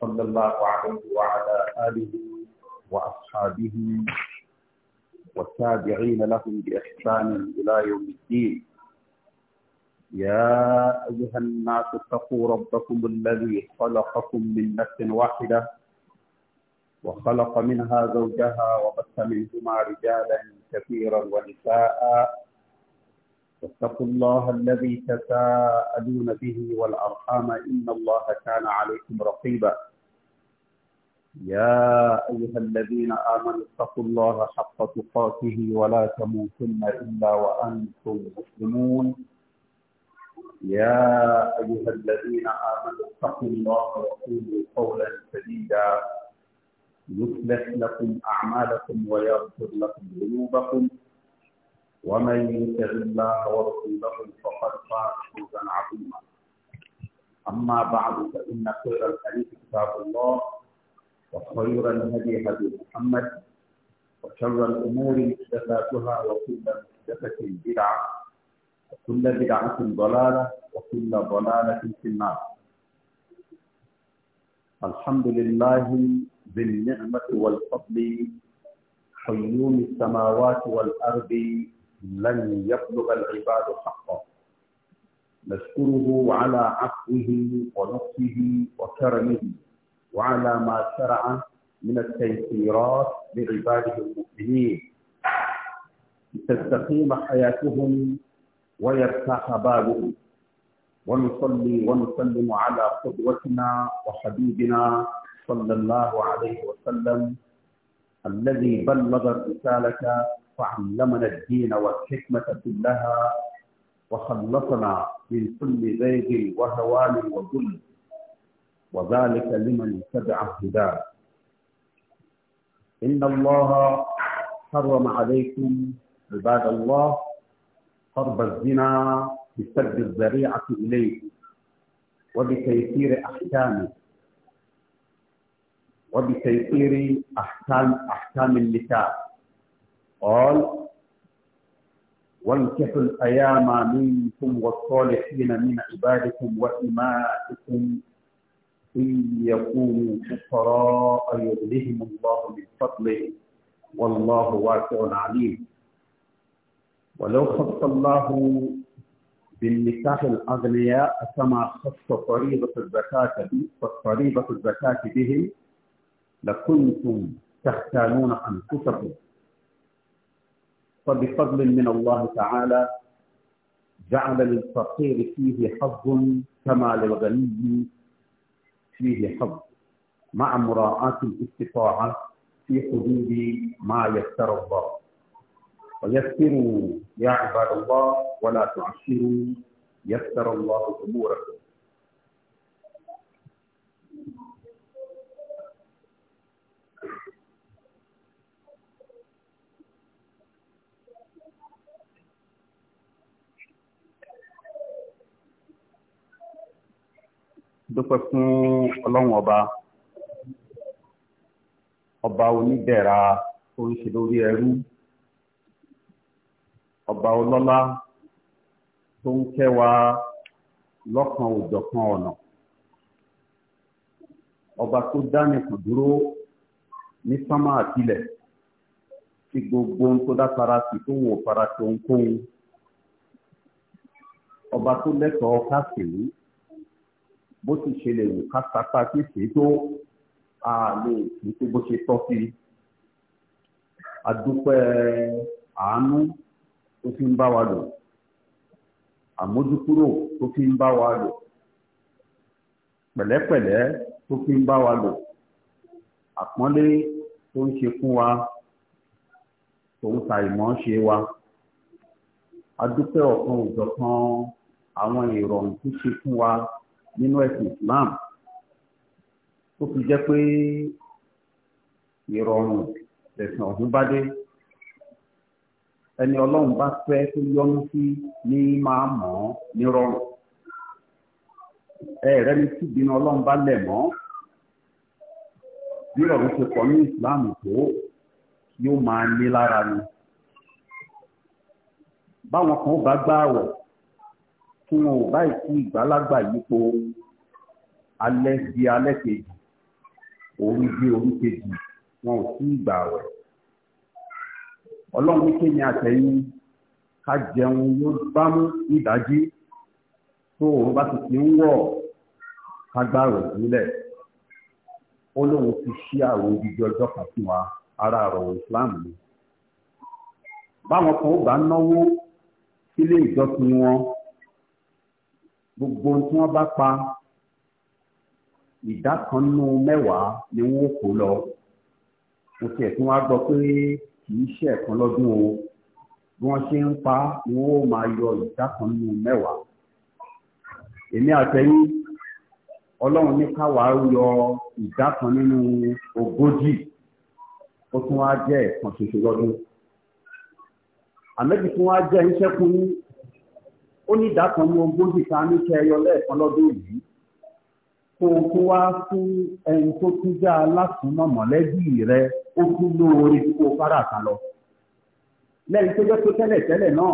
صلى الله عليه وعلى آله وأصحابه والتابعين لهم بإحسان إلى يوم الدين يا أيها الناس اتقوا ربكم الذي خلقكم من نفس واحدة وخلق منها زوجها وبث منهما رجالا كثيرا ونساء واتقوا الله الذي تساءلون به والأرحام إن الله كان عليكم رقيبا يا أيها الذين آمنوا اتقوا الله حق تقاته ولا تموتن إلا وأنتم مسلمون يا أيها الذين آمنوا اتقوا الله وقولوا قولا سديدا يصلح لكم أعمالكم ويغفر لكم ذنوبكم ومن يطع الله ورسوله فقد فاز فوزا عظيما اما بعد فان خير الحديث كتاب الله وخير الهدي هدي محمد وشر الامور محدثاتها وكل محدثه بدعه وكل بدعه ضلاله وكل ضلاله في النار الحمد لله ذي النعمه والفضل حيون السماوات والارض لن يبلغ العباد حقه نشكره على عفوه ولطفه وكرمه وعلى ما شرع من التيسيرات لعباده المؤمنين لتستقيم حياتهم ويرتاح بالهم ونصلي ونسلم على قدوتنا وحبيبنا صلى الله عليه وسلم الذي بلغ الرسالة فعلمنا الدين والحكمة كلها وخلصنا من كل زيغ وهوان وظلم وذلك لمن تبع هداه إن الله حرم عليكم عباد الله حرب الزنا بسد الذريعة إليه وبتيسير أحكامه وبتيسير أحكام أحكام النكاح قال وانكحوا الأيام منكم والصالحين من عبادكم وإمائكم إن يكونوا فقراء يغنيهم الله من فضله والله واسع عليم ولو خص الله بالنكاح الأغنياء كما خص فريضة الزكاة فريضة الزكاة بهم لكنتم تختالون أنفسكم فبفضل من الله تعالى جعل للفقير فيه حظ كما للغني فيه حظ مع مراعاة الاستطاعة في حدود ما يسر الله ويسروا يا عباد الله ولا تعسروا يسر الله أموركم dúpẹ́ fún ọlọ́run ọba ọba onídẹ̀ra tó ń ṣe lórí ẹrú ọba ọlọ́lá tó ń kẹ́ wa lọ́kan òjọ̀kan ọ̀nà ọba tó dánìkan dúró ní sánmà àtìlẹ̀ tí gbogbo ohun tó dá fara sí tó wò fara sí ohunkóhun ọba tó lẹ́tọ̀ọ́ káàkiri bó ti ṣe lè wò ká sapá sí ṣètò a lè ṣètò bó ṣe tọ́ sí i adúpẹ́ àánú tó fi ń bá wa lò àmójúkúrò tó fi ń bá wa lò pẹ̀lẹ́pẹ̀lẹ́ tó fi ń bá wa lò àpọ́nlé tó ń ṣe fún wa tòun ta ìmọ̀ ṣe wa adúpẹ́ ọ̀kan òjọ̀kan àwọn ìrọ̀rùn tó ṣe fún wa nínú ẹ̀sìn Islam ó fi jẹ́ pé ìrọ̀rùn ẹ̀sìn ọ̀hún bá dé ẹni ọlọ́run bá fẹ́ tó yọ́nú sí ní máa mọ̀ ọ́ nírọ̀rùn ẹ rẹ ní tìbínú ọlọ́run bá lẹ̀ mọ́ bí ìrọ̀rùn ṣe ní Islam tó yóò máa ní lára ni báwọn kan bá gbá àwọ̀ tí wọn ò bá ìkú ìgbàlagbà yípo alẹ́ di alẹ́ kejì òru di òru kejì wọn ò sí ìgbà rẹ̀ ọlọ́run ní kéèyàn àtẹ̀yìn ká jẹun yóò bá mú nídàájí tó òun bá ti fi ń wọ̀ ká gbá rẹ̀ sílẹ̀ ó lóun ti ṣí àrùn odidi ọjọ́ kan fún wa ara àrùn Islam ni báwọn kan ó bá náwó sílé ìjọsìn wọn gbogbo ohun tí wọ́n bá pa ìdá kan nínú mẹ́wàá ni wọ́n kó lọ mo tiẹ̀ tún wá gbọ́ pé kì í ṣe ẹ̀kan lọ́dún o bí wọ́n ṣe ń pa ni wọ́n máa yọ ìdá kan nínú mẹ́wàá èmi àtẹ̀yìn ọlọ́run ní káwa yọ ìdá kan nínú ogójì ó tún wá jẹ́ ẹ̀kan ṣoṣo lọ́dún àmẹ́bí tún wá jẹ́ iṣẹ́ kún ó ní ìdákan ní ogójì kan ní kẹyọ lẹ́ẹ̀kan lọ́dún yìí kó o kó wá fún ẹni tó tún já alásùnmọ̀ mọ̀lẹ́bí rẹ ó tún lóore kó o fara kan lọ lẹ́yìn tó jẹ́ pé tẹ́lẹ̀ tẹ́lẹ̀ náà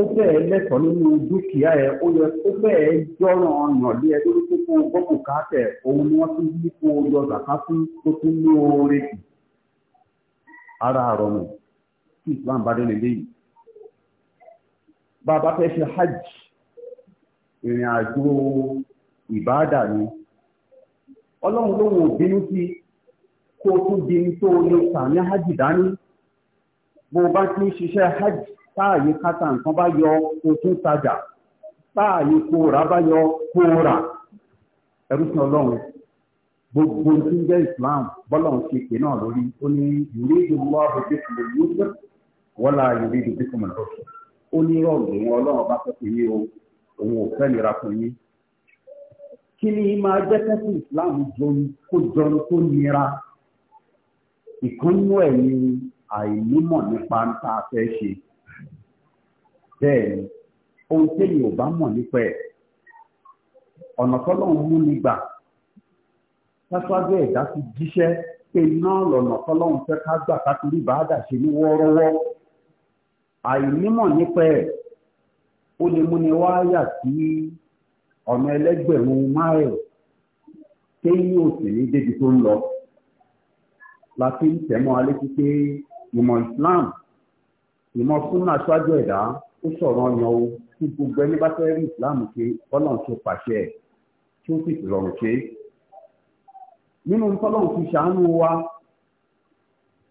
ó fẹ́ẹ̀ lẹ́tọ̀ọ́ nínú dúkìá ẹ̀ ó yẹ ó fẹ́ẹ̀ jọ́ràn ọ̀nà lé ẹ lórí kókó bọ́kù káàtẹ̀ òun ni wọ́n tún yí kó yọ zàká fún tó tún lóore jù ara àrọ̀mù tí Islam bá dé lélẹ́yìí bàbá fẹ́ ṣe hajj ìrìn àjò ìbáàdà ni ọlọ́run ló wò bínú sí kó o tún di tó o lè tà ní hajj dání bó o bá ti ń ṣiṣẹ́ hajj táàyè kátà nǹkan bá yọ kó o tún tajà táàyè kó o rà bá yọ kó ẹrú sí ọlọ́run gbogbo tí ń jẹ́ islam bọ́lọ̀hún ṣe pè náà lórí ó ní ìrírí ìlú àbòjúkùn lórí wọ́n la ìrírí ìdíkùn mọ̀ lọ́sọ̀rọ̀. ó ní ọlọ́run bá fẹ́ o nira fún yín. kí ni máa jẹ́ kẹ́sì islam jọni kó jọni kó nira ìkànnú ẹ̀ ni àìnímọ̀ nípa ń tá fẹ́ ṣe bẹ́ẹ̀ ni bá mọ̀ nípa ẹ̀ ọ̀nà tọ́lọ́run mú gbà ẹ̀dá ti jíṣẹ́ pé tọ́lọ́run fẹ́ ká gbà àìnímọ̀ nípa ẹ̀ ó lè múni wáyà sí ọ̀nà ẹlẹ́gbẹ̀rún máìlì téyí ò sì ní débi tó ń lọ la ń tẹ̀mọ́ alẹ́ pípé ìmọ̀ Islam ìmọ̀ súnà aṣáájú ẹ̀dá ó sọ̀rọ̀ ọyàn o tí gbogbo ẹni bá fẹ́ rí Islam ṣe ọlọ́run ṣe pàṣẹ ẹ̀ tí ó sì rọrùn ṣe nínú tọ́lọ́run fi ṣàánú wa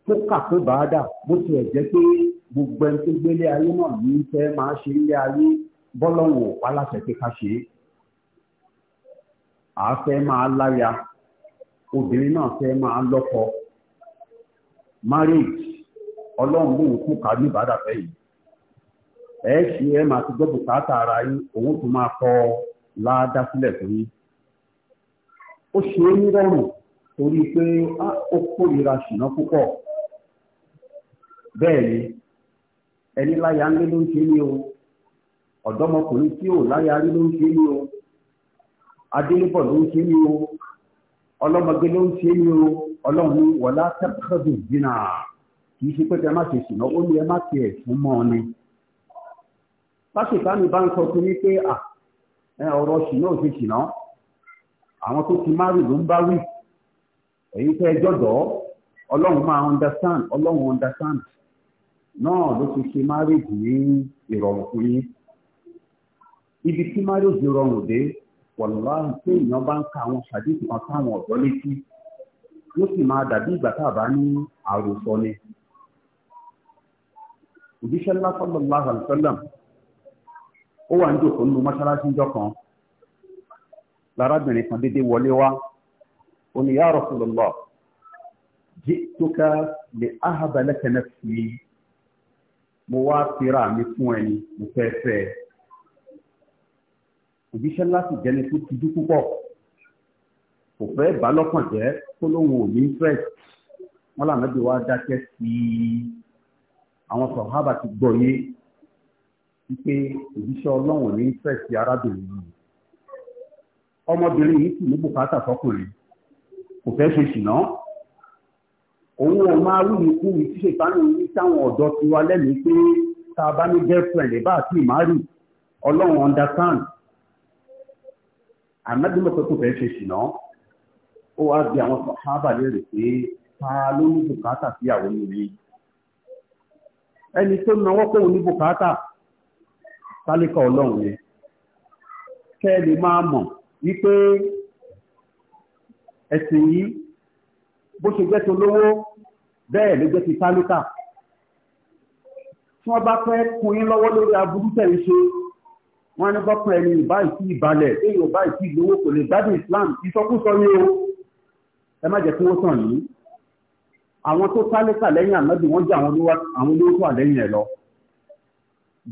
tó kà pé bàá dà bó tiẹ̀ jẹ́ pé gbogbo ẹni tó gbélé ayé náà ní fẹ́ máa ṣe ilé ayé bọ́lọ́wọ̀ pálásẹ̀ pé ká ṣe é àáfẹ́ máa láya obìnrin náà fẹ́ máa lọ́kọ marriage ọlọ́run lòun kú ká ní ìbádà fẹ́ yìí ẹ ṣe ẹ máa ti gbọ́ bùkátà ara yín òun tó máa kọ́ láàdá sílẹ̀ fún yín ó ṣe é ní rọrùn torí pé ah, ó kórìíra ṣìnà púpọ̀ bẹ́ẹ̀ ni ẹni láyà ńlé ló ń ṣe ní o ọ̀dọ́mọkùnrin tí ò láyà rí ló ń ṣe ní o adélébọ̀ ló ń ṣe ní o ọlọ́mọge ló ń ṣe ní o ọlọ́run ní wọlá tẹ́kọ̀dù dínà kì í ṣe pé kẹ́ má ṣe ṣùnà ó ní ẹ má tiẹ̀ fún mọ́ ọ ni. pásítánì bá ń sọ fún mi pé ọ̀rọ̀ ṣùnà ò ṣe ṣùnà àwọn tó ti má rí ló ń bá wí èyí tẹ́ ẹjọ́ dọ̀ ọlọ́run máa understand ọlọ́run understand náà ló ti ṣe márèèjì ní ìrọ̀rùn fún yín ibi tí márèèjì rọrùn dé wàláhì tí èèyàn bá ń ka àwọn ṣàdéhùn kan táwọn ọ̀dọ́ létí yóò sì máa dàbí ìgbà tá a bá ní àròsọ ni òjíṣẹ́ ńlá sallallahu alaihi wasallam ó wà ń jòkó nínú mọ́ṣáláṣí ńjọ́ kan lárábìnrin kan dédé wọlé wá ó ní ya Rasulullah ji'tuka li ahaba laka nafsi mo wá pera mi fún ẹni mo fẹ́ fẹ́ ẹ òjíṣẹ́ ńlá sì jẹ́ni tó ti dú púpọ̀ kò fẹ́ bá lọ́kàn jẹ́ kó lóun ò ní fẹ́ wọn làwọn ẹbí wa dákẹ́ sí i àwọn sọ̀hábà ti gbọ́ yé wípé òjíṣẹ́ ọlọ́run ò ní fẹ́ sí arábìnrin yìí ọmọbìnrin yìí sì ní bùkátà fọkùnrin kò fẹ́ ṣe ṣìnà òun ò máa wúni kú wí tí ṣètánù ní sáwọn ọ̀dọ́ ti wá lẹ́mìí pé tá a bá ní girlfriend ẹ̀ bá àti ìmárì ọlọ́run understand àmọ́dúnmọ́ pé kò fẹ́ ṣe ṣìnà ó wá bí àwọn sábà léèrè pé ta ló ní bùkátà sí àwọn onílé ẹni tó náwó pé òun ní bùkátà sálíkà ọlọ́run yẹn kẹ́ ẹ lè máa mọ̀ wípé ẹ̀sìn yìí bó ṣe jẹ́ tó lówó bẹ́ẹ̀ ló jẹ́ ti tálíkà tí wọ́n bá fẹ́ kun yín lọ́wọ́ lórí aburú tẹ̀ ń ṣe wọ́n ní bọ́kàn ẹni ìbá ìsí ìbalẹ̀ èyí ò bá ìsí ìlówó kò lè gbádùn Islam ìsọkúsọ ni o ẹ má jẹ́ kí wọ́n tàn yín àwọn tó tálíkà lẹ́yìn ànábì wọ́n jẹ́ àwọn olówó tó wà lẹ́yìn ẹ̀ lọ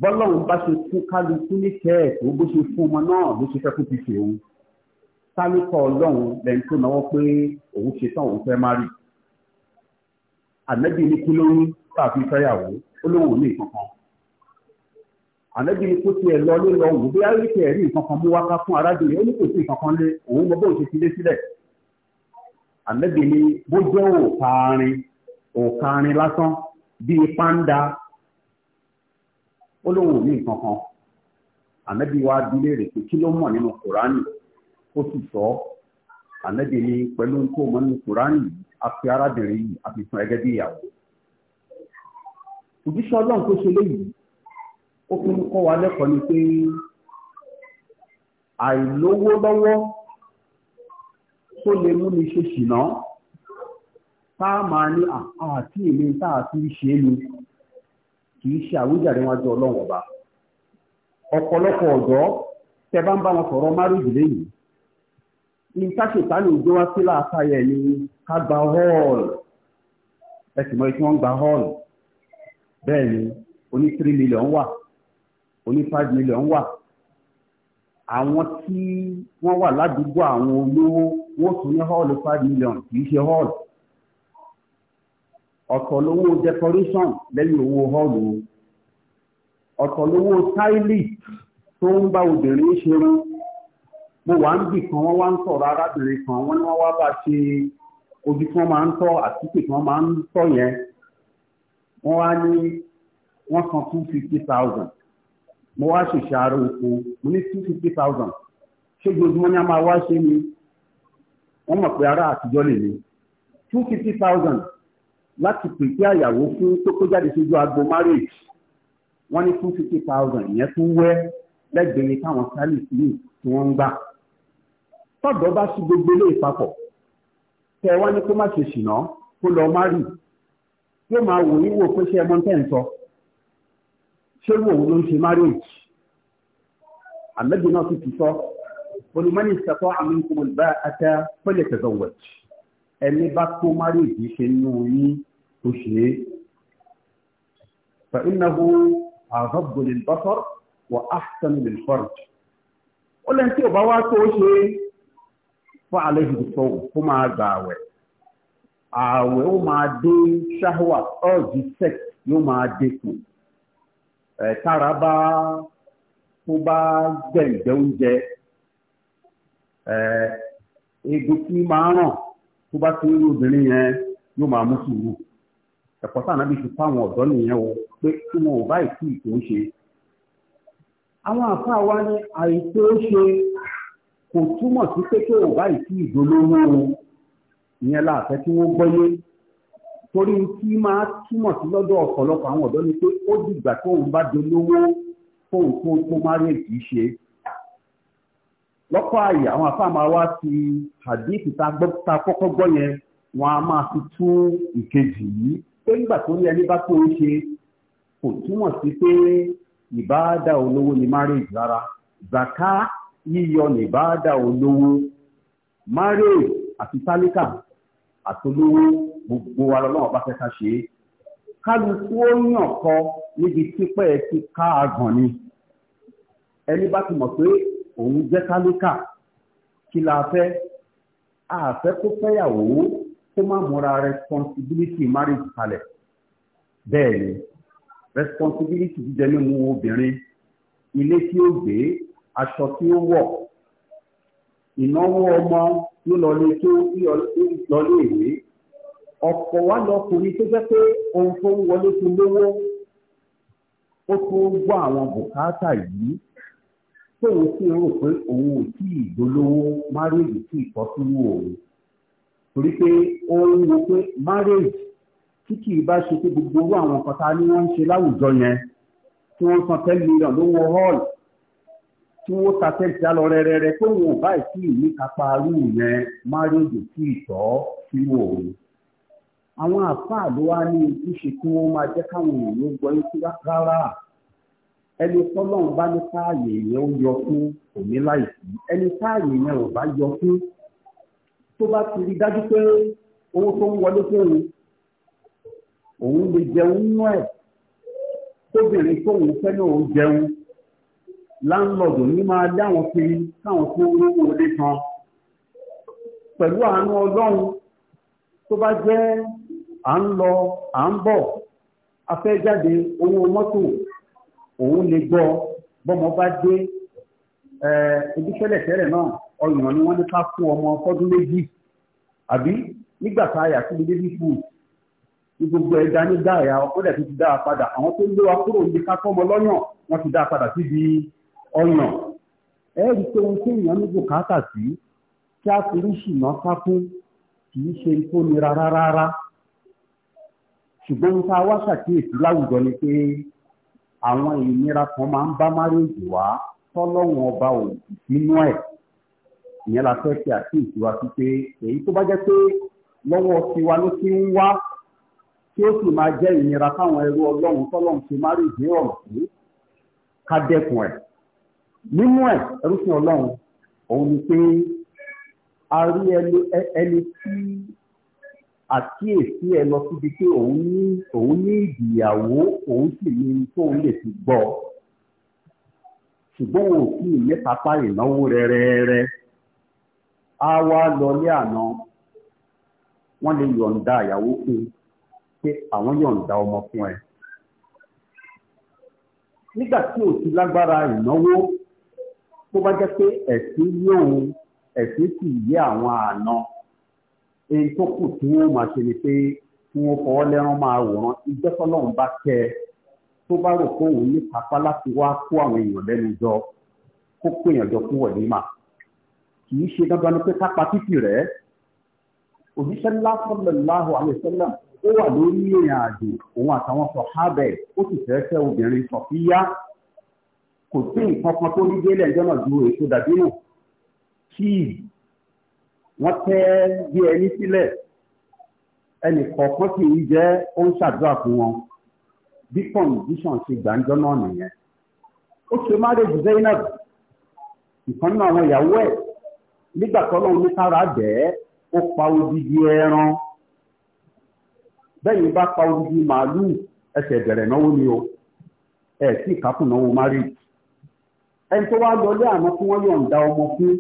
bọ́lọ́run bá ṣe fún kálukú ní kẹ́ẹ̀kọ́ bó ṣe fún ọmọ náà ló ṣe fẹ́ kó fi ṣe òun tálíkà ọlọ́run lẹ́yìn tó náwó pé òun ṣetán òun fẹ́ má rí ànábì ni kí fi ń tàbí fẹ́yàwó ó lóun ní ìkankan ànábì ní kó tiẹ̀ lọ ló lọ bí ẹ̀rí mú wáká fún arábìnrin ó ní kò sí ìkankan lé òun mọ bóun ṣe ti lé sílẹ̀ ànábì bó jẹ́ lásán bíi ní wa dilé rè pé kí ló mọ̀ nínú kùránì ó sì sọ ànábì ni pẹ̀lú àfi arábìnrin yìí àfi fún ẹgẹ́ bí ìyàwó. Òjíṣẹ́ ọlọ́run tó ṣe léyìí, ó fún wa lẹ́kọ̀ọ́ ni pé àìlówó lọ́wọ́ tó lè mú ni ṣe ṣìnà tá a máa ní àti èmi tá a fi ṣe é ni kì í ṣe àwíjàre ọba. Ọ̀pọ̀lọpọ̀ ọ̀dọ́ tẹ bá ń bá wọn Ní ìjọba ni ká gba hall ẹsìn mọ́ ikú wọ́n gba hall bẹ́ẹ̀ ni oní three million wà oní five million wà àwọn tí wọ́n wà ládùúgbò àwọn olówó wọ́n tún ní hall five million kì í ṣe hall ọ̀tọ̀ lówó decoration lẹ́yìn owó hall o ọ̀tọ̀ lówó táìlì tó ń bá obìnrin ṣerun mo wà ń bì kan wọ́n wá ń sọ̀rọ̀ arábìnrin kan wọ́n ní wọ́n wá bá ṣe ojú tí wọ́n máa ń tọ́ àtúntò tí wọ́n máa ń tọ́ yẹn wọ́n wá ní wọ́n san two fifty thousand mo wá ṣèṣàrò oko mo ní two fifty thousand ṣé gbogbo ní a máa wá ṣe ni wọ́n mọ̀ pé ará àtijọ́ lè ní two fifty thousand láti pèpè àyàwó fún kókó jáde sójú agbo marriage wọ́n ní two fifty thousand ìyẹn tún wẹ́ lẹ́gbẹ̀ẹ́ táwọn sálì sílẹ̀ tí wọ́n ń gbà tọ́dọ̀ bá ṣe gbogbo ilé ìpapọ̀ tẹ wá ní kó má ṣe ṣìnà kó lọ má rì yóò máa wò yín wò pé ṣé ẹ mọ tẹ́ ń sọ ṣé wò ó ló ń ṣe marriage àmẹ́bí náà sì ti sọ olùmọ́ni ìṣàkọ́ àmì kò bá ata pẹ́lẹ̀ tẹ̀sọ̀ wẹ̀t ẹni bá tó marriage ṣe nù yín ó ṣe é fẹ̀yìnàwó àgọ́gbọ̀lẹ̀ bọ́sọ̀ wọ áṣítọ́nù lè fọ́rọ̀ ó lẹ́yìn tí ò bá wá tó ṣe é. fún àlejò tó kó máa gbà àwẹ̀ àwẹ̀ ó máa dé ṣáhùwà ọ́ọ̀dì sex yóò máa dínkù ẹ̀ tára bá tó bá gbẹ̀ǹdẹ̀ oúnjẹ ẹ̀ egun tí máa ràn tó bá ti rí obìnrin yẹn yóò máa mú sùúrù ẹ̀kọ́ bí ti ọ̀dọ́ nìyẹn o pé wọn ò kò túmọ̀ sí pé tó o báyìí sí ìdólówó o ìyẹn láàfẹ́ tí wọ́n gbọ́yé torí tí máa túmọ̀ sí lọ́dọ̀ ọ̀pọ̀lọpọ̀ àwọn ọ̀dọ́ ni pé ó dìgbà tóun bá dolówó fóun tó tó má rè kìí ṣe lọ́pọ̀ àyè àwọn afáàmà wa ti hadith ta kọ́kọ́ gbọ́ yẹn wọn a máa fi tún ìkejì yìí pé nígbà tó ní ẹni bá tó ń ṣe kò túmọ̀ sí pé ìbáadà olówó ni marriage rárá zaka yíyọ nìbáàdà olówó márè àti tálíkà àtolówó gbogbo wa lọ́wọ́ bá fẹ́ ká ṣe é kálukú ó yàn kọ níbi típẹ́ ti ká àgàn ni ẹni bá ti mọ̀ pé òun jẹ́ tálíkà kí la fẹ́ àfẹ́ kó fẹ́yàwó kó má múra responsibility marriage kalẹ̀ bẹ́ẹ̀ ni responsibility jíjẹ mímu obìnrin ilé tí ó gbé aṣọ tí ó wọ̀ ìnáwó ọmọ ló lọ lé tó lọ lé ìwé ọ̀pọ̀ wá lọkùnrin tó jẹ́ pé ohun tó ń wọlé tó lówó ó tó gbọ́ àwọn bùkátà yìí tóun sì rò pé òun ò tí ì dolówó márèèjì tí ìtọ́síwò òun torí pé ó ń wo pé márèèjì tí kì í bá ṣe pé gbogbo owó àwọn kan ta ni wọ́n ń ṣe láwùjọ yẹn tí wọ́n san ten million lówó hall tí wọ́n ta tẹ́sí alọ rẹ́rẹ́rẹ́ pé wọn ò báyìí sí ìní kápá arú yẹn márùndì sí ìtọ́ sí òòrùn. àwọn àfáà ló wá ní ibi ṣe kí wọ́n máa jẹ́ káwọn èèyàn gbọ́ ikú rárá ẹni tọ́lọ́run bá ní káàyè yẹn ó yọ fún òní láìsí ẹni káàyè yẹn ò bá yọ fún tó bá ti rí dájú pé owó tó ń wọlé fóun òun lè jẹun nú ẹ̀ tóbìnrin tóun fẹ́ náà ó jẹun láńlọ́dù ní máa dáwọn fi káwọn tó rówó lé kan pẹ̀lú àánú ọlọ́run tó bá jẹ́ à ń lọ à ń bọ̀ afẹ́jáde owó mọ́tò òun lè gbọ́ bọ́mọ bá dé ibi tẹ́lẹ̀tẹ́lẹ̀ náà ọyàn ni wọ́n ní ká fún ọmọ fọ́dún méjì àbí nígbà tá a yà síbi débí fún ní gbogbo ẹ̀dá ní dáàyà ọkọ̀ dẹ̀ tó ti dáa padà àwọn tó ń lé wa kúrò níbi ká tọ́mọ lọ́yàn wọ́n ti dáa padà síbi ọ̀nà ẹ̀rí pé ohun tí èèyàn ní bùkátà sí kí a fi ríṣìnà kákún kì í ṣe tó nira rárá kan máa ń bá wá ọba ẹ̀ ìyẹn la fẹ́ àkíyèsí wa sí pé èyí tó bá jẹ́ pé lọ́wọ́ tiwa ló ti ń wá tí ó sì máa jẹ́ ìnira nínú ẹ̀ ẹrúfin ọlọ́run òun ni pé a rí ẹni tí àkíyèsí ẹ lọ síbi pé òun ní òun ní ìdìyàwó òun sì ní tóun lè fi gbọ́ ṣùgbọ́n òun kì í ní pápá ìnáwó rẹ́rẹ́rẹ́ a wá lọlé àná wọ́n lè yọ̀ǹda ìyàwó fún pé àwọn yọ̀ǹda ọmọ fún ẹ nígbà tí ò lágbára ìnáwó bó bá jẹ́ pé ẹ̀sìn yóò ẹ̀sìn sì yé àwọn àna ẹni tó kù tí wọ́n máa ṣe ni pé kí wọ́n fọwọ́ lẹ́rán máa wòran ìjẹ́kọ́lọ́run bá kẹ́ ẹ tó bá rò pé òun ní kápá láti wá kó àwọn èèyàn lẹ́nu jọ kó kó èèyàn jọ fún wọ̀límà kì í ṣe dandan ni pé ká títì rẹ̀ òjíṣẹ́ ńlá sallallahu alaihi wasallam ó wà lórí ìrìn àjò òun àtàwọn sọ̀hábẹ̀ ó sì fẹ́ fẹ́ obìnrin Sọ̀fíyá kò sí nǹkan tó ní délẹ̀ jọ́nà ju èso dàbínú kíì wọ́n tẹ́ bí ẹni sílẹ̀ ẹnì kọ̀ọ̀kan sì ń jẹ́ ó ń ṣàdúrà fún wọn bí condition ṣe gbàǹjọ́ náà nìyẹn ó ṣe marriage Zainab ìkan náà àwọn ìyàwó ẹ̀ nígbà tọ́lọ́run ní kára bẹ́ẹ̀ ó pa odidi ẹran bẹ́ẹ̀ ni bá pa odidi màálù ẹsẹ̀ bẹ̀rẹ̀ náwó ni o ẹ̀ sì kákùn náwó marriage ẹni tó wá lọlé àná tí wọ́n yọ̀ǹda ọmọ fún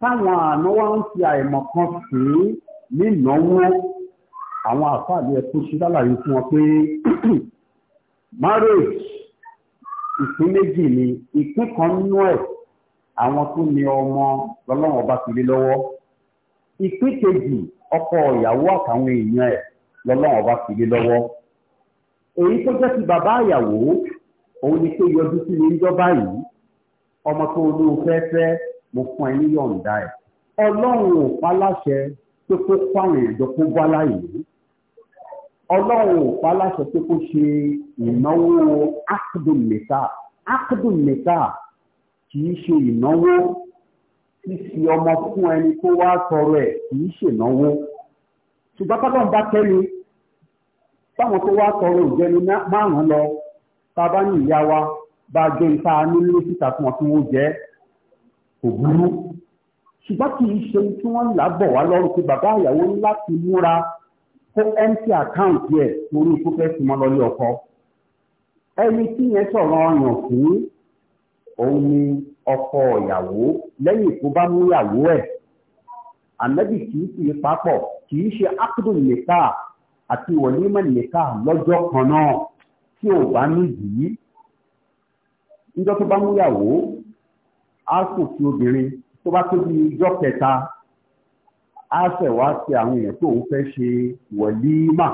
táwọn àná wá ń fi àìmọ̀ kan sí nínáwó àwọn àfáàlì ẹkún ṣe lálàyé fún wọn pé marriage ìpín méjì ni ìpín kan nínú ẹ̀ àwọn tó ní ọmọ lọ́lọ́run ọba fi lé lọ́wọ́ ìpín kejì ọkọ ìyàwó àtàwọn èèyàn ẹ̀ lọ́lọ́run ọba fi lé lọ́wọ́ èyí tó jẹ́ ti bàbá ìyàwó òun ni pé yọjú sí mi níjọba yìí ọmọ tó olóhùn fẹ́fẹ́ mo fún ẹ ní yọ̀ǹda ẹ̀ ọlọ́run ò pa láṣẹ pé kó kó àwọn ẹ̀jọ́ kó bá láyé ọlọ́run ò pa láṣẹ pé kó ṣe ìnáwó akdùn nìka akdùn nìka kì í ṣe ìnáwó fífi ọmọ fún ẹni tó wá tọrọ ẹ̀ kì í ṣènáwó ṣùgbọ́n pápá ń bá tẹ́lẹ̀ báwọn tó wá tọrọ ìjẹni márùn-ún lọ tábà ní ìyá wa bá jẹ́ ìta nílé síta fún wọn tí wọ́n jẹ́ kò burú ṣùgbọ́n kì í ṣe tí wọ́n là bọ̀ wá lọ́rùn pé bàbá ìyàwó láti múra kó empty account yẹ torí kó fẹ́ fi mọ́ lọ́lé ọkọ ẹni tí yẹn sọ̀rọ̀ ọyàn fún òun ni ọkọ ìyàwó lẹ́yìn tó bá mú ìyàwó ẹ̀ ànábì kì í fi papọ̀ kì í ṣe ákùdùn nìka àti wọ̀límọ̀ nìka lọ́jọ́ kan náà. tí ò bá nídìí yìí níjọ́ tó bá múyàwó á sòfin obìnrin tó bá tóbi ìjọ́ kẹta á ṣẹ̀wá sí àwọn èèyàn tó ń fẹ́ ṣe wọ̀límà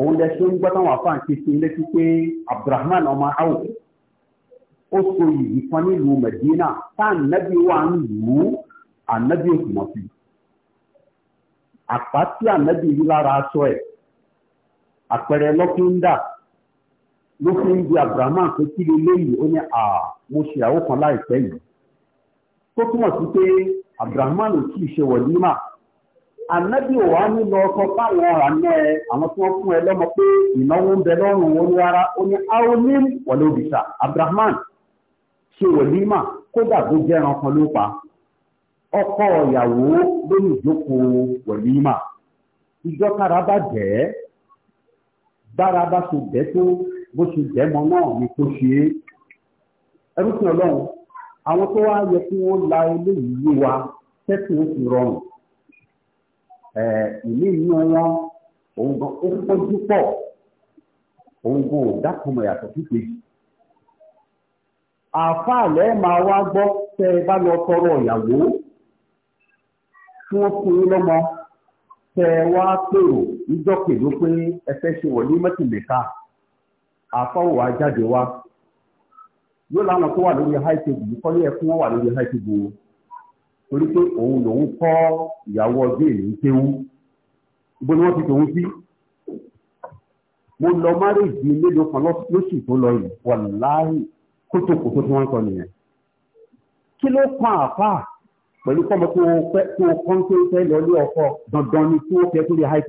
òun lẹ ṣe ń gbọ́ táwọn afáàn so yìí kan nílùú Medina tá ànábì wà ń lù ú ànábì ò sí àpá tí ànábì yìí lára ló fi ń di abrahamu pé kí ló léyìí ó ní à mo ṣe ìyàwó kan láìpẹ́ yìí tó túmọ̀ sí pé abrahamu ò kì í ṣe wọ̀límà ànábì ò wá ní lọ ọkọ fáwọn àna ẹ àwọn tí wọ́n fún ẹ lọ́mọ pé ìnáwó ń bẹ lọ́rùn wọn ní rárá ó ní aolim wọlé òbíṣà abrahamu ṣe wọ̀límà kódà tó jẹ́ ẹranko ló pa ọkọ ìyàwó ló ní ìjókòó wọ̀límà ìjọ kára bá jẹ́ bára bá ṣe bẹ́ tó bó ṣe jẹ́mọ náà ni kó ṣe é ẹrúsìn ọlọ́run àwọn tó wá yẹ kí wọ́n la eléyìí yé wa tẹ́sí ó ti rọrùn ìlú inú wọn òun gan ó pọ́jú pọ̀ òun gan ò dákùnmọ̀ yàtọ̀ síkè àfàlẹ́ máa wá gbọ́ tẹ́ ẹ bá lọ tọrọ ìyàwó tí wọ́n fún yín lọ́mọ tẹ́ ẹ wá pèrò níjọ́ pèrò pé ẹ fẹ́ ṣe wọ̀lé mọ́tìmẹ́ta àfọwọ́ wa yóò láwọn tó wà lórí high yìí kọ́lé ẹ̀kún wọn wà lórí high o torí pé òun lòun kọ́ ìyàwó ọdún èlé ń kéwú ibo ni wọ́n ti tòun sí mo lọ márèjì mélòó kan lóṣù tó lọ yìí wàláhì kótókòtó tí wọ́n ń sọ nìyẹn kí ló kan àfà pẹ̀lú kọ́mọ tó kọ́ ń tó ń dandan ni tí ó fẹ́ tó lè high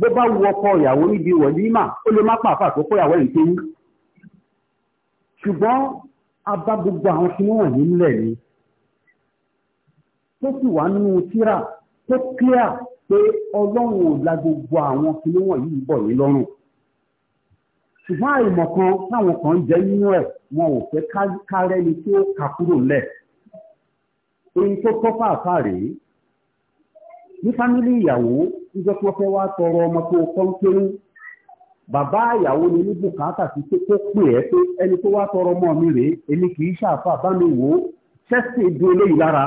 bó bá wu ọkọ ìyàwó níbi wọ̀límà ó lè má pàápà tó kó ìyàwó ìpé ní ṣùgbọ́n a bá gbogbo àwọn tí wọ́n wọ̀nyí ńlẹ̀ ni tó sì wá nínú tíra tó clear pé ọlọ́run ò la gbogbo àwọn tí wọ́n yìí bọ̀ yìí lọ́rùn ṣùgbọ́n àìmọ̀ kan táwọn kan jẹ́ nínú ẹ̀ wọn ò fẹ́ kárẹ́ni tí kà kúrò ńlẹ̀ èyí tó tọ́ fáfá rèé ní fámílì ìyàwó níjọ́ tí wọ́n fẹ́ wá tọrọ ọmọ tó kọ́ ń kéwú bàbá ìyàwó ni ní bùkátà sí pé kó pè ẹ́ pé ẹni tó wá tọrọ ọmọ mi rèé èmi kì í ṣàfà bá mi wò ó ṣẹ́sì di eléyìí lára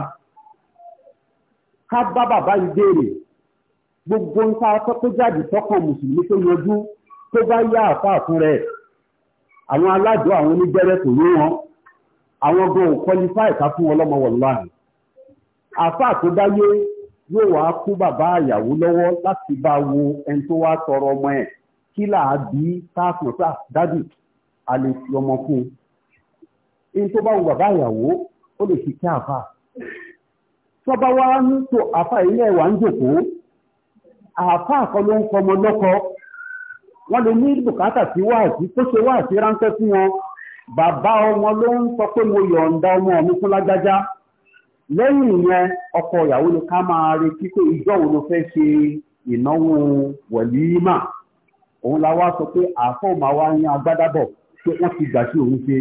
ká bá bàbá yìí béèrè gbogbo nǹkan akọ́kọ́ jáde tọkàn mùsùlùmí tó yanjú tó bá yá àfa àfún rẹ̀ àwọn alájọ àwọn onígbẹ́rẹ́ kò ní wọn àwọn gan ò qualify ká fún wọn lọ́mọ wọ̀lúwàní àfa àtúndáyé yóò wá kó bàbá àyàwó lọ́wọ́ láti bá wo ẹni tó wá tọrọ ọmọ ẹ̀ kí làá bí táàpù pé ah, dádì a lè fi ọmọ fún un ẹni tó bá wo bàbá àyàwó ó lè fi kí àfà tọ́ba wá ń to àfà ilé ẹ̀wà ń jòkó àfà kan ló ń fọmọ lọ́kọ wọ́n lè ní bùkátà sí wáàsí tó ṣe wáàsí ráńpẹ́ fún wọn bàbá ọmọ ló ń sọ pé mo yọ̀ǹda ọmọ mi fún lágbájá lẹ́yìn ìyẹn ọkọ ìyàwó ni ká máa retí pé ìjọ wo ló fẹ́ ṣe ìnáwó wẹ̀límà òun la wá sọ pé àáfọ̀ máa wá yan agbádábọ̀ pé wọ́n ti gbà sí òun ṣe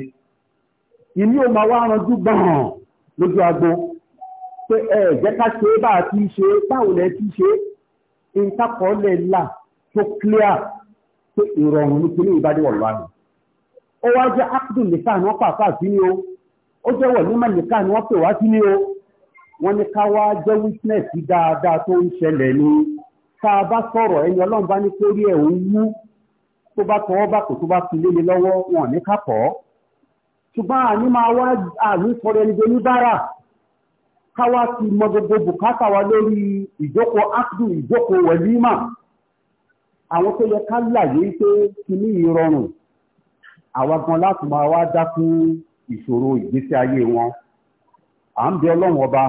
inú ò máa wá ranjú gbọ̀n lójú agbo pé ẹ jẹ́ ká ṣe é bá a ti ṣe é báwo lẹ ti ṣe ìtakọ̀ọ́lẹ̀ là tó clear pé ìrọ̀rùn ní kíní ìbádé ọ̀rọ̀ àná ó wá jẹ́ ápùdù nìkan ni wọ́n pàṣà sí ni o ó jẹ́ ní mọ̀ nìkan wọ́n pè wá sí ni o wọ́n ní ká wá jẹ́ witness dáadáa tó ń ṣẹlẹ̀ ni tá a bá sọ̀rọ̀ ẹni ọlọ́run bá ní pé rí ẹ̀ ń wú tó bá tọwọ́ bá kò tó bá fi léle lọ́wọ́ wọn ní ká kọ́ ṣùgbọ́n àní máa wá àní sọ̀rọ̀ ẹni oníbàárà ká wá ti mọ gbogbo bùkátà wa lórí ìjókòó ápùdù ìjókòó wẹ̀límà àwọn tó yẹ ká láyé pé kíní ìrọrùn àwa gan láti máa wá dákún ìṣòro ìgbésí ayé wọn à ń bẹ ọlọ́run ọba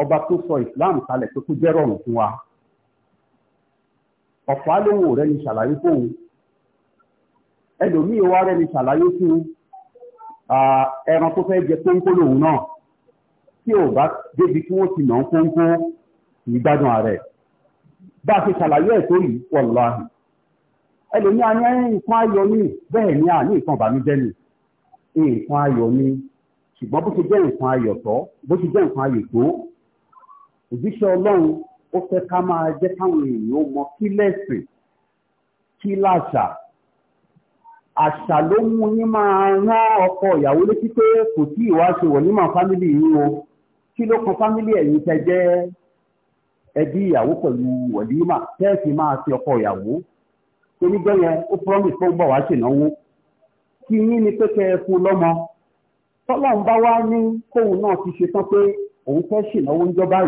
ọba tó sọ islam kalẹ̀ pé kó jẹ́ rọrùn fún wa ọ̀pọ̀ alówó rẹ ni ṣàlàyé fóun ẹlòmíì wa rẹ ni ṣàlàyé fún ẹran tó fẹ́ jẹ kóńkó lòun náà tí ò bá débi tí wọ́n ti nà ń kóńkó kì í gbádùn ààrẹ bá a ṣe ṣàlàyé ẹ̀ tó yìí wọ̀láhì ẹlòmíì a ní nǹkan ayọ̀ ní bẹ́ẹ̀ ni a ní nǹkan ìbànújẹ́ ni nǹkan ayọ̀ ni ṣùgbọ́n bó ṣe jẹ́ nǹkan ayọ̀ tó bó ṣe jẹ́ nǹkan ayọ̀ tó òjíṣẹ́ ọlọ́run ó fẹ́ ká máa jẹ́ káwọn èèyàn ó mọ kí lẹ́sìn kí láṣà àṣà ló mú yín máa rán ọkọ ìyàwó létí pé kò tí ìwà ṣe wọ̀ nímọ̀ fámílì yín o kí ló kan fámílì ẹ̀yìn tẹ jẹ́ ẹbí ìyàwó pẹ̀lú wọ̀límà tẹ́ẹ̀sì máa ọkọ ìyàwó yẹn ó promise fún ṣènáwó ni pé ẹ fún lọ́mọ ń bá wá ní kóun náà ti pé òun fẹ́ ṣènáwó ń jọba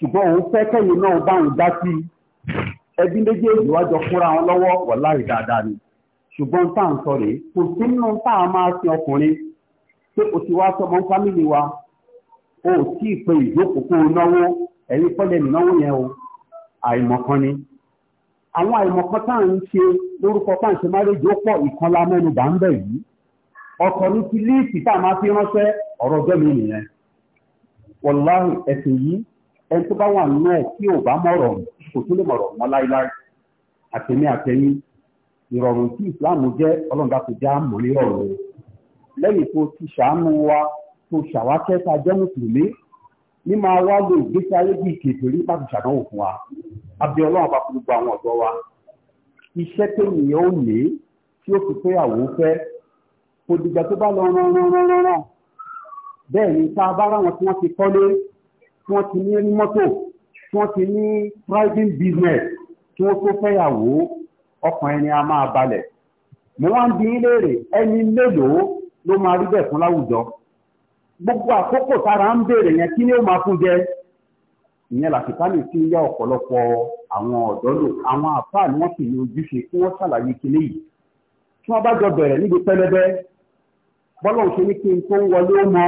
ṣùgbọ́n òun fẹ́ kẹ́yìn náà bá òun dá sí ẹbí méjèèjì wájọ fúnra wọn lọ́wọ́ wàláhì dáadáa ni ṣùgbọ́n tá à ń sọ rèé kò a máa sin ọkùnrin pé o ti wa o ò tí ì pe ìjókòó náwó ẹ̀yin pẹ́lẹ́ yẹn o àìmọ̀kan ni àwọn àìmọ̀kan tá à ń ṣe lórúkọ pọ̀ ìkan la mẹ́nu ń bẹ̀ yìí ọkọ̀ ní ti líìsì a máa fi ránṣẹ́ ẹni tó bá wà nínú ẹ̀ tí ò bá mọ̀rọ̀ kò tún lè mọ̀rọ̀ mọ́ láíláí àtẹ̀mí àtẹ̀yìn ìrọ̀rùn tí Islam jẹ́ já mọ̀ lẹ́yìn tó ti ṣàánú wa tó ṣàwákẹ́ tá a jẹ́ mùsùlùmí ní máa wá lo ayé bíi ṣàdánwò gbogbo àwọn ọ̀dọ́ wa iṣẹ́ tẹ̀yìn ó lè tí ó fi fẹ́ bá lọ rán rán rán rán bẹ́ẹ̀ ni tá a bá tí wọ́n ti ní rí mọ́tò tí wọ́n ti ní private business tí wọ́n tó fẹ́yàwó ọkàn ẹni a máa balẹ̀ mo wá ń bi í léèrè ẹni mélòó ló máa rí bẹ́ẹ̀ fún láwùjọ gbogbo àkókò tára ń béèrè yẹn kí ni ó máa fún jẹ ìyẹn làkìtánì tí ń yá ọ̀pọ̀lọpọ̀ àwọn ọ̀dọ́ lò àwọn àfáà ni wọ́n sì ní ojúṣe kí wọ́n ṣàlàyé kinní yìí tí wọ́n bá jọ bẹ̀rẹ̀ níbi pẹlẹbẹ bọ́lọ́hùn ṣe ní kí n tó ń wọlé ó mọ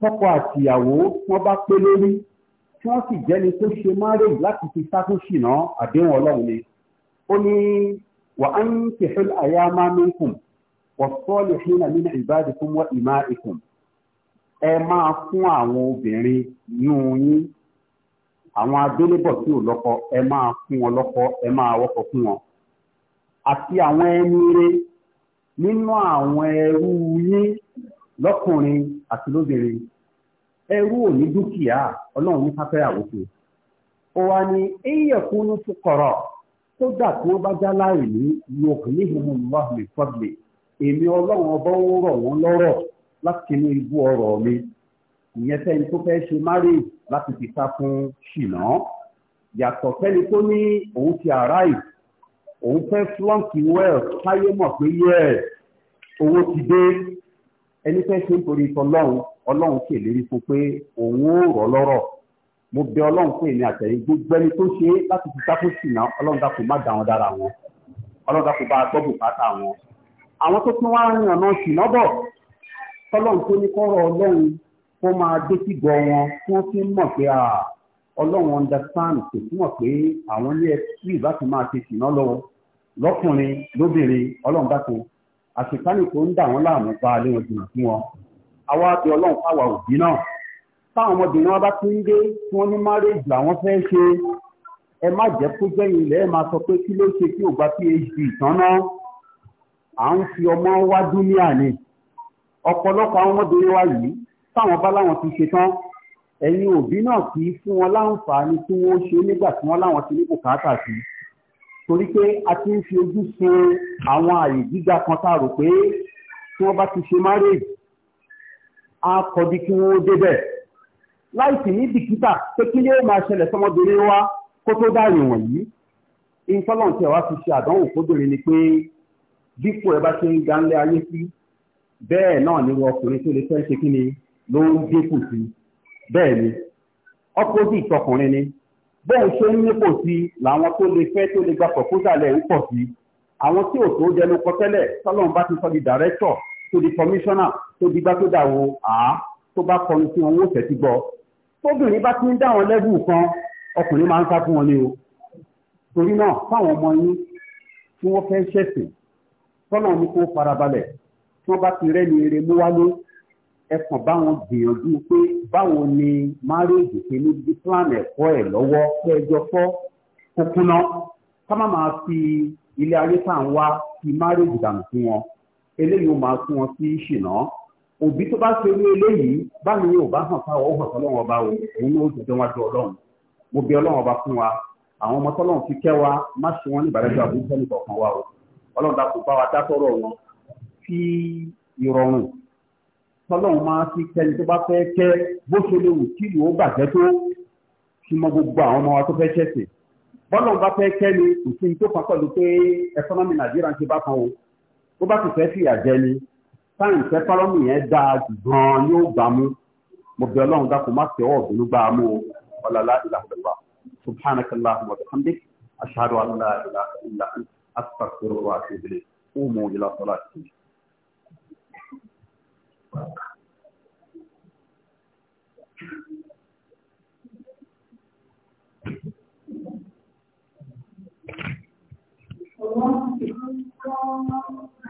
tọkọ àtìyàwó wọn bá pé lórí tí wọ́n sì jẹ́ni tó ṣe márèjì láti fi sákún ṣìnà àdéhùn ọlọ́run ni ó ní wà á ń kẹfẹ́ àyà máa ń kùn wọ́sọ́ọ̀lù ṣínà nínú ìbáàdì fún wọ́n ìmá ikùn ẹ máa fún àwọn obìnrin nù yín àwọn adélébọ̀ tí ò lọ́kọ ẹ máa fún wọn lọ́kọ ẹ máa wọ́kọ fún wọn àti àwọn ẹni nínú àwọn ẹrú yín lọ́kùnrin àti lóbìnrin ẹrú ò ní dúkìá ọlọ́run ní káfẹ́ àwòkù ó wá ní eyíyẹ̀kúnú fúkọ̀rọ̀ kódà tí ó bá já láì ní yòókù ní ìhùnmù lọ́hùnmí fọ́bìlì èmi ọlọ́run ọba ń rọ̀ wọ́n lọ́rọ̀ láti inú ibú ọrọ̀ mi ìyẹn fẹ́ni tó fẹ́ ṣe márì láti fi sá fún ṣìnà yàtọ̀ fẹ́ni tó ní òun ti àráì òun fẹ́ flọ́ǹkì wẹ́ẹ̀l táyé mọ̀ pé yẹ owó ti dé ẹni fẹ́ ṣe ń torí ìtọ́lọ́run ọlọ́run kì í lérí fún pé òun ó rọ̀ lọ́rọ̀ mo bẹ ọlọ́run fún èmi àtẹ̀yìn gbogbo ẹni tó ṣe láti fi sáfù sínà ọlọ́run dákun má dá wọn dára wọn ọlọ́run dákun bá gbọ́ bùkátà wọn. àwọn tó tún wá ń rìn ọ̀nà ṣìnà bọ̀ tọ́lọ́run tó ní kọ́rọ̀ ọlọ́run kó máa dé sí gbọ́ wọn kí wọ́n fi mọ̀ pé ọlọ́run understand kò túmọ̀ pé àwọn ilé ẹ̀sìn láti máa ṣe ṣìnà lọ́wọ́ lọ́kùnrin lóbìnrin ọlọ́run dákun àṣìkánì ń dà wọ́n láàmú àwa àti ọlọ́run fáwa òbí náà táwọn ọmọbìnrin wọn bá ti ń dé tí wọ́n ní márèèjì làwọn fẹ́ ṣe ẹ má jẹ́ kó jẹ́yìn ilẹ̀ ẹ máa sọ pé kí ló ṣe kí ò gba phd tán náà à ń fi ọmọ wá dúníà ni ọ̀pọ̀lọpọ̀ àwọn ọmọbìnrin wa yìí táwọn bá láwọn ti ṣe tán ẹ̀yin òbí náà kì í fún wọn láǹfààní tí wọ́n ṣe nígbà tí wọ́n láwọn ti ní bùkátà sí torí pé a ti ń fi ojú sun àwọn àyè gíga kan tá a rò pé tí wọ́n bá ti ṣe márèèjì akọ̀dí kí wọ́n débẹ̀ láìsí ní bìkítà pé kí ló máa ṣẹlẹ̀ sọmọbìnrin wa kó tó dáyìn wọ̀nyí ìfọlọ́n tí àwa fi ṣe àdánwò fóbìnrin ni pé dípò ẹ bá ṣe ń ga ńlẹ̀ ayé sí bẹ́ẹ̀ náà nírú ọkùnrin tó lè fẹ́ ṣe kí ni ló ń dínkù sí bẹ́ẹ̀ ni opposite ọkùnrin ni bóun ṣe ń nípò sí làwọn tó lè fẹ́ tó lè gba proposal ẹ̀ ń pọ̀ sí àwọn tí ò tó jẹnu kọtẹ́lẹ̀ sọlọ́run bá ti to the commissioner tó di gbá tó dàwó àá tó bá kọrin sí wọn ó tẹ̀sí gbọ́ tóbìnrin bá ti ń dá wọn lẹ́bù kan ọkùnrin máa ń sá fún wọn ni o torí náà fáwọn ọmọ yín tí wọ́n fẹ́ ṣẹ̀sìn tọ́lọ̀ ní kó farabalẹ̀ tí wọ́n bá ti rẹ́ni eré mú wálé ẹ kàn bá wọn gbìyànjú pé báwo ni márèèjì ṣe ní bí plan ẹ̀kọ́ ẹ̀ lọ́wọ́ pé ẹjọ́ fọ́ kókúná ká má máa fi ilé ayé tá à ń wá fi márèèjì dànù fún wọn eléyìí ó máa fún wọn sí ṣìnà òbí tó bá ṣe ní eléyìí báwo ni ò bá hàn sáwọ ó hàn sọ́lọ́run ọba o òun ló dùn déwájú Ọlọ́run mo bí Ọlọ́run ọba fún wa àwọn ọmọ tọ́lọ́run fi kẹ́ wa má ṣe wọn ní ìbàdàjọ àbúrú sẹ́ni kọ̀ọ̀kan wa o Ọlọ́run dàpọ bá wa dátọrọ wọn fi ìrọ̀rùn tọ́lọ́run máa fi kẹ́ni tó bá fẹ́ kẹ́ bó ṣe lè wù kí ìlú bàjẹ́ tó fi mọ gbogbo àwọn ọmọ wa tó fẹ́ ṣẹ̀ṣẹ̀ bọ́lọ́run bá fẹ́ kẹ́ni kò sí tó kan pẹ̀lú pé ẹkọ́nọ́mì Nàìjíríà ń ṣe bákan o bó bá ti fẹ́ fìyà jẹ ni sáyẹn fẹ́ fọ́lọ́mù yẹn dáa gan yóò gbà mú mo bẹ ọlọ́run dákun má tẹ̀ ọ́ ọ̀dùnú gbà mú o ọ̀làlá ìlàkùnlá subhanakallah wa bihamdik ashhadu an la ilaha illa anta astaghfiruka wa atubu ilayk qumu ila salatikum Thank you.